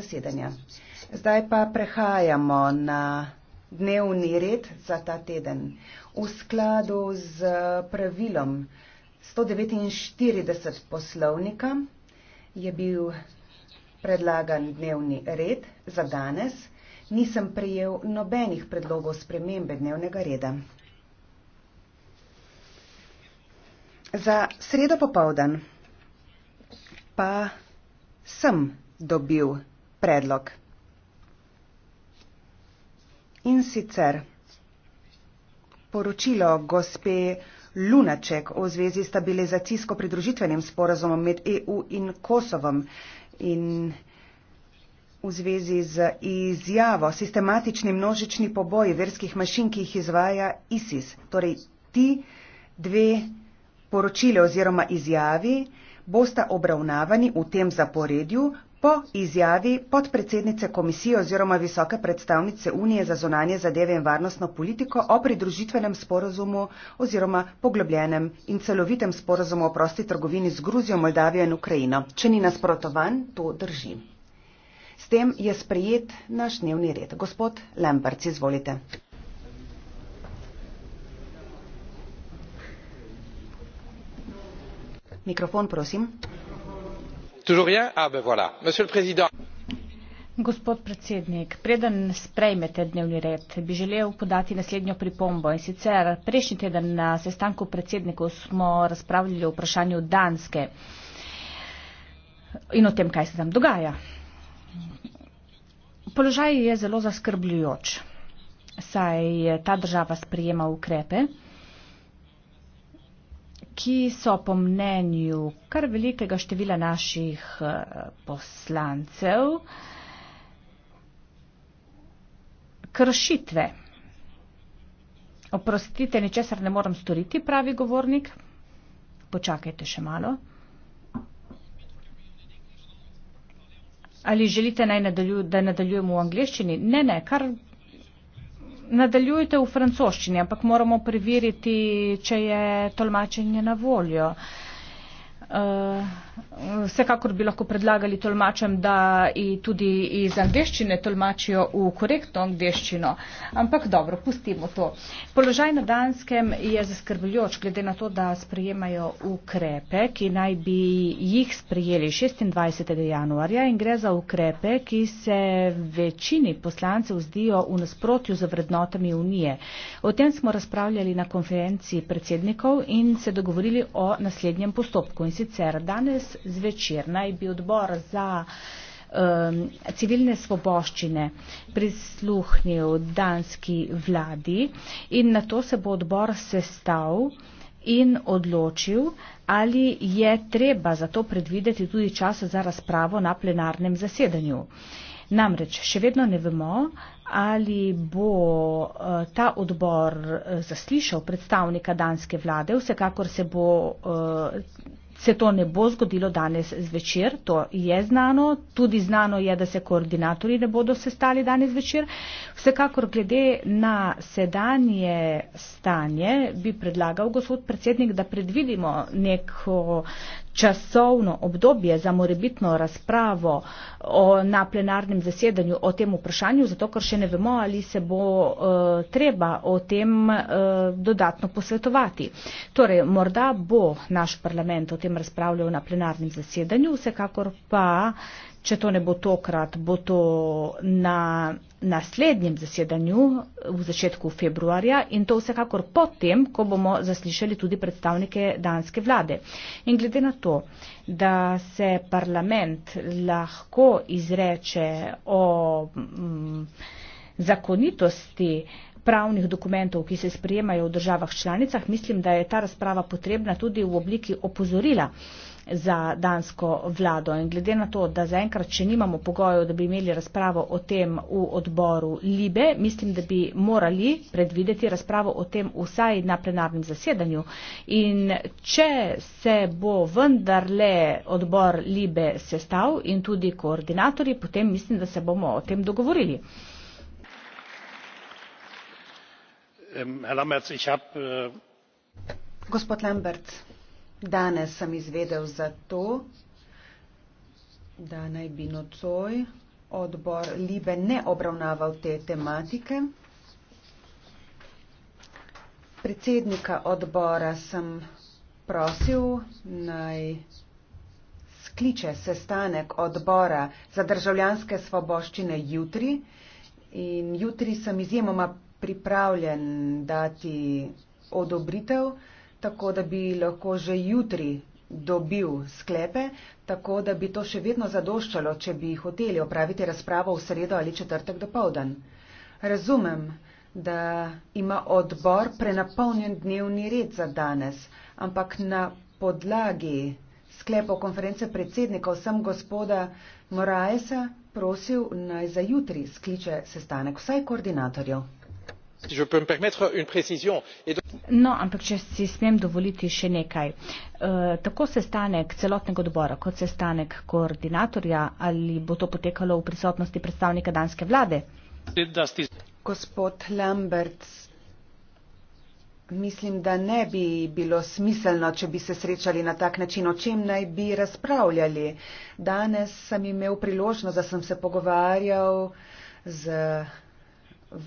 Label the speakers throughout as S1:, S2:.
S1: zasedanja. Zdaj pa prehajamo na dnevni red za ta teden. V skladu z pravilom 149 poslovnika je bil predlagan dnevni red za danes. Nisem prijel nobenih predlogov spremembe dnevnega reda. Za sredo popovdan pa sem dobil predlog. In sicer poročilo gospe Lunaček v zvezi s stabilizacijsko-pridružitvenim sporazumom med EU in Kosovom in v zvezi z izjavo sistematični množični poboji verskih mašin, ki jih izvaja ISIS. Torej, ti dve poročile oziroma izjavi bosta obravnavani v tem zaporedju, Po izjavi podpredsednice komisije oziroma visoke predstavnice Unije za zonanje zadeve in varnostno politiko o pridružitvenem sporozumu oziroma poglobljenem in celovitem sporozumu o prosti trgovini z Gruzijo, Moldavijo in Ukrajino. Če ni nasprotovan, to drži. S tem je sprejet naš dnevni red. Gospod Lemberc, izvolite. Mikrofon, prosim.
S2: Ah, gospod predsednik preden sprejmete dnevni red bi želel podati naslednjo pripombo in sicer prejšnji teden na sestanku predsednikov smo razpravljali o vprašanju danske in o tem kaj se tam dogaja položaj je zelo zaskrbljujoč saj ta država sprejema ukrepe ki so po mnenju kar velikega števila naših eh, poslancev kršitve. Oprostite, ničesar ne moram storiti, pravi govornik. Počakajte še malo. Ali želite, naj nadaljujem, da nadaljujemo v angleščini? Ne, ne, kar nadaljujte v francoščini, ampak moramo preveriti, če je tolmačenje na voljo. Uh, Vsekakor bi lahko predlagali tolmačem, da tudi iz angleščine tolmačijo v korektno angleščino. Ampak dobro, pustimo to. Položaj na Danskem je zaskrbljujoč, glede na to, da sprejemajo ukrepe, ki naj bi jih sprejeli 26. januarja in gre za ukrepe, ki se večini poslancev zdijo v nasprotju z vrednotami Unije. O tem smo razpravljali na konferenci predsednikov in se dogovorili o naslednjem postopku. In sicer danes danes zvečer naj bi odbor za um, civilne svoboščine prisluhnil danski vladi in na to se bo odbor sestav in odločil, ali je treba za to predvideti tudi čas za razpravo na plenarnem zasedanju. Namreč še vedno ne vemo, ali bo eh, ta odbor eh, zaslišal predstavnika danske vlade, vsekakor se bo eh, se to ne bo zgodilo danes zvečer, to je znano. Tudi znano je, da se koordinatori ne bodo sestali danes zvečer. Vsekakor glede na sedanje stanje bi predlagal gospod predsednik, da predvidimo neko časovno obdobje za morebitno razpravo o, na plenarnem zasedanju o tem vprašanju, zato ker še ne vemo, ali se bo e, treba o tem e, dodatno posvetovati. Torej, morda bo naš parlament o tem tem razpravljal na plenarnem zasedanju. Vsekakor pa, če to ne bo tokrat, bo to na naslednjem zasedanju v začetku februarja in to vsekakor potem, ko bomo zaslišali tudi predstavnike danske vlade. In glede na to, da se parlament lahko izreče o mm, zakonitosti, pravnih dokumentov, ki se sprijemajo v državah članicah, mislim, da je ta razprava potrebna tudi v obliki opozorila za dansko vlado. In glede na to, da zaenkrat še nimamo pogojev, da bi imeli razpravo o tem v odboru Libe, mislim, da bi morali predvideti razpravo o tem vsaj na plenarnem zasedanju. In če se bo vendarle odbor Libe sestav in tudi koordinatorji, potem mislim, da se bomo o tem dogovorili. Äh,
S1: gospod lambert danes sem izvedel za to da naj bi nocoj odbor libe ne obravnaval te tematike predsednika odbora sem prosil naj skliče sestanek odbora za državljanske svoboščine jutri in jutri sem izjemoma pripravljen dati odobritev, tako da bi lahko že jutri dobil sklepe, tako da bi to še vedno zadoščalo, če bi hoteli opraviti razpravo v sredo ali četrtek do povdan. Razumem, da ima odbor prenapolnjen dnevni red za danes, ampak na podlagi sklepov konference predsednikov sem gospoda Moraesa prosil naj za jutri skliče sestanek vsaj koordinatorjev.
S2: No, si smem dovoliti še nekaj. Eh, tako sestanek celotnega odbora kot sestanek koordinatorja, ali bo to potekalo v prisotnosti
S1: predstavnika danske vlade? Gospod Lambert, mislim, da ne bi bilo smiselno, če bi se srečali na tak način, o čem naj bi razpravljali. Danes sem imel priložnost, da sem se pogovarjal z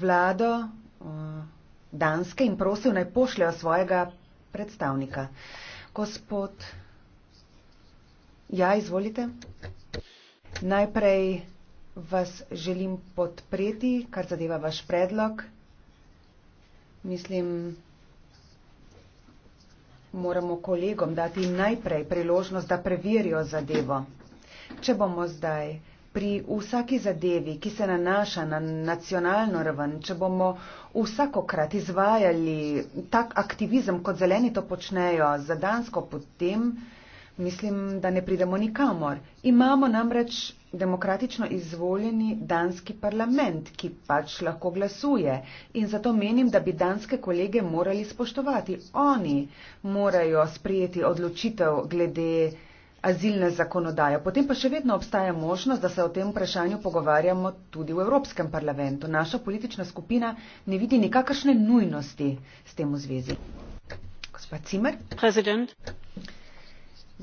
S1: vlado Danske in prosil naj pošljajo svojega predstavnika. Gospod, ja, izvolite. Najprej vas želim podpreti, kar zadeva vaš predlog. Mislim, moramo kolegom dati najprej priložnost, da preverijo zadevo. Če bomo zdaj pri vsaki zadevi, ki se nanaša na nacionalno raven, če bomo vsakokrat izvajali tak aktivizem, kot zeleni to počnejo za Dansko, potem mislim, da ne pridemo nikamor. Imamo namreč demokratično izvoljeni danski parlament, ki pač lahko glasuje in zato menim, da bi danske kolege morali spoštovati. Oni morajo sprijeti odločitev glede azilne zakonodaje. Potem pa še vedno obstaja možnost, da se o tem vprašanju pogovarjamo tudi v Evropskem parlamentu. Naša politična skupina ne vidi nikakršne nujnosti s tem v zvezi. Gospa Cimer. President.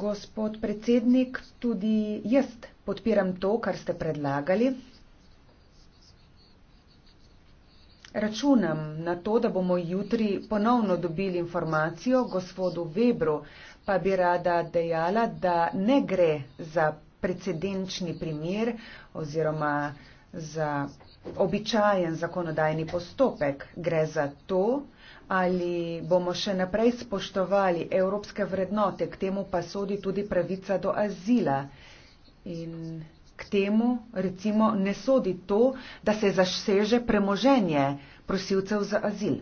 S1: Gospod predsednik, tudi jaz podpiram to, kar ste predlagali. Računam na to, da bomo jutri ponovno dobili informacijo gospodu Webru, pa bi rada dejala, da ne gre za precedenčni primer oziroma za običajen zakonodajni postopek. Gre za to, ali bomo še naprej spoštovali evropske vrednote, k temu pa sodi tudi pravica do azila. In temu recimo ne sodi to, da se zaseže premoženje prosilcev za azil.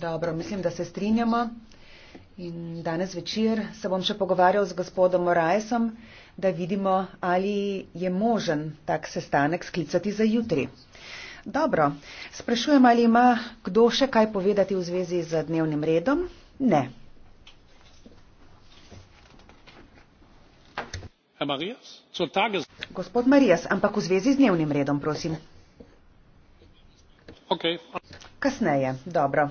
S1: Dobro, mislim, da se strinjamo. In danes večer se bom še pogovarjal z gospodom Moraesom, da vidimo, ali je možen tak sestanek sklicati za jutri. Dobro, sprašujem, ali ima kdo še kaj povedati v zvezi z dnevnim redom? Ne. Gospod Marijas, ampak v zvezi z dnevnim redom, prosim. Okay. Kasneje, dobro.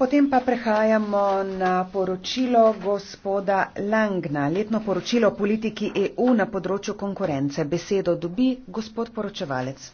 S1: Potem pa prehajamo na poročilo gospoda Langna, letno poročilo o politiki EU na področju konkurence. Besedo dobi gospod poročevalec.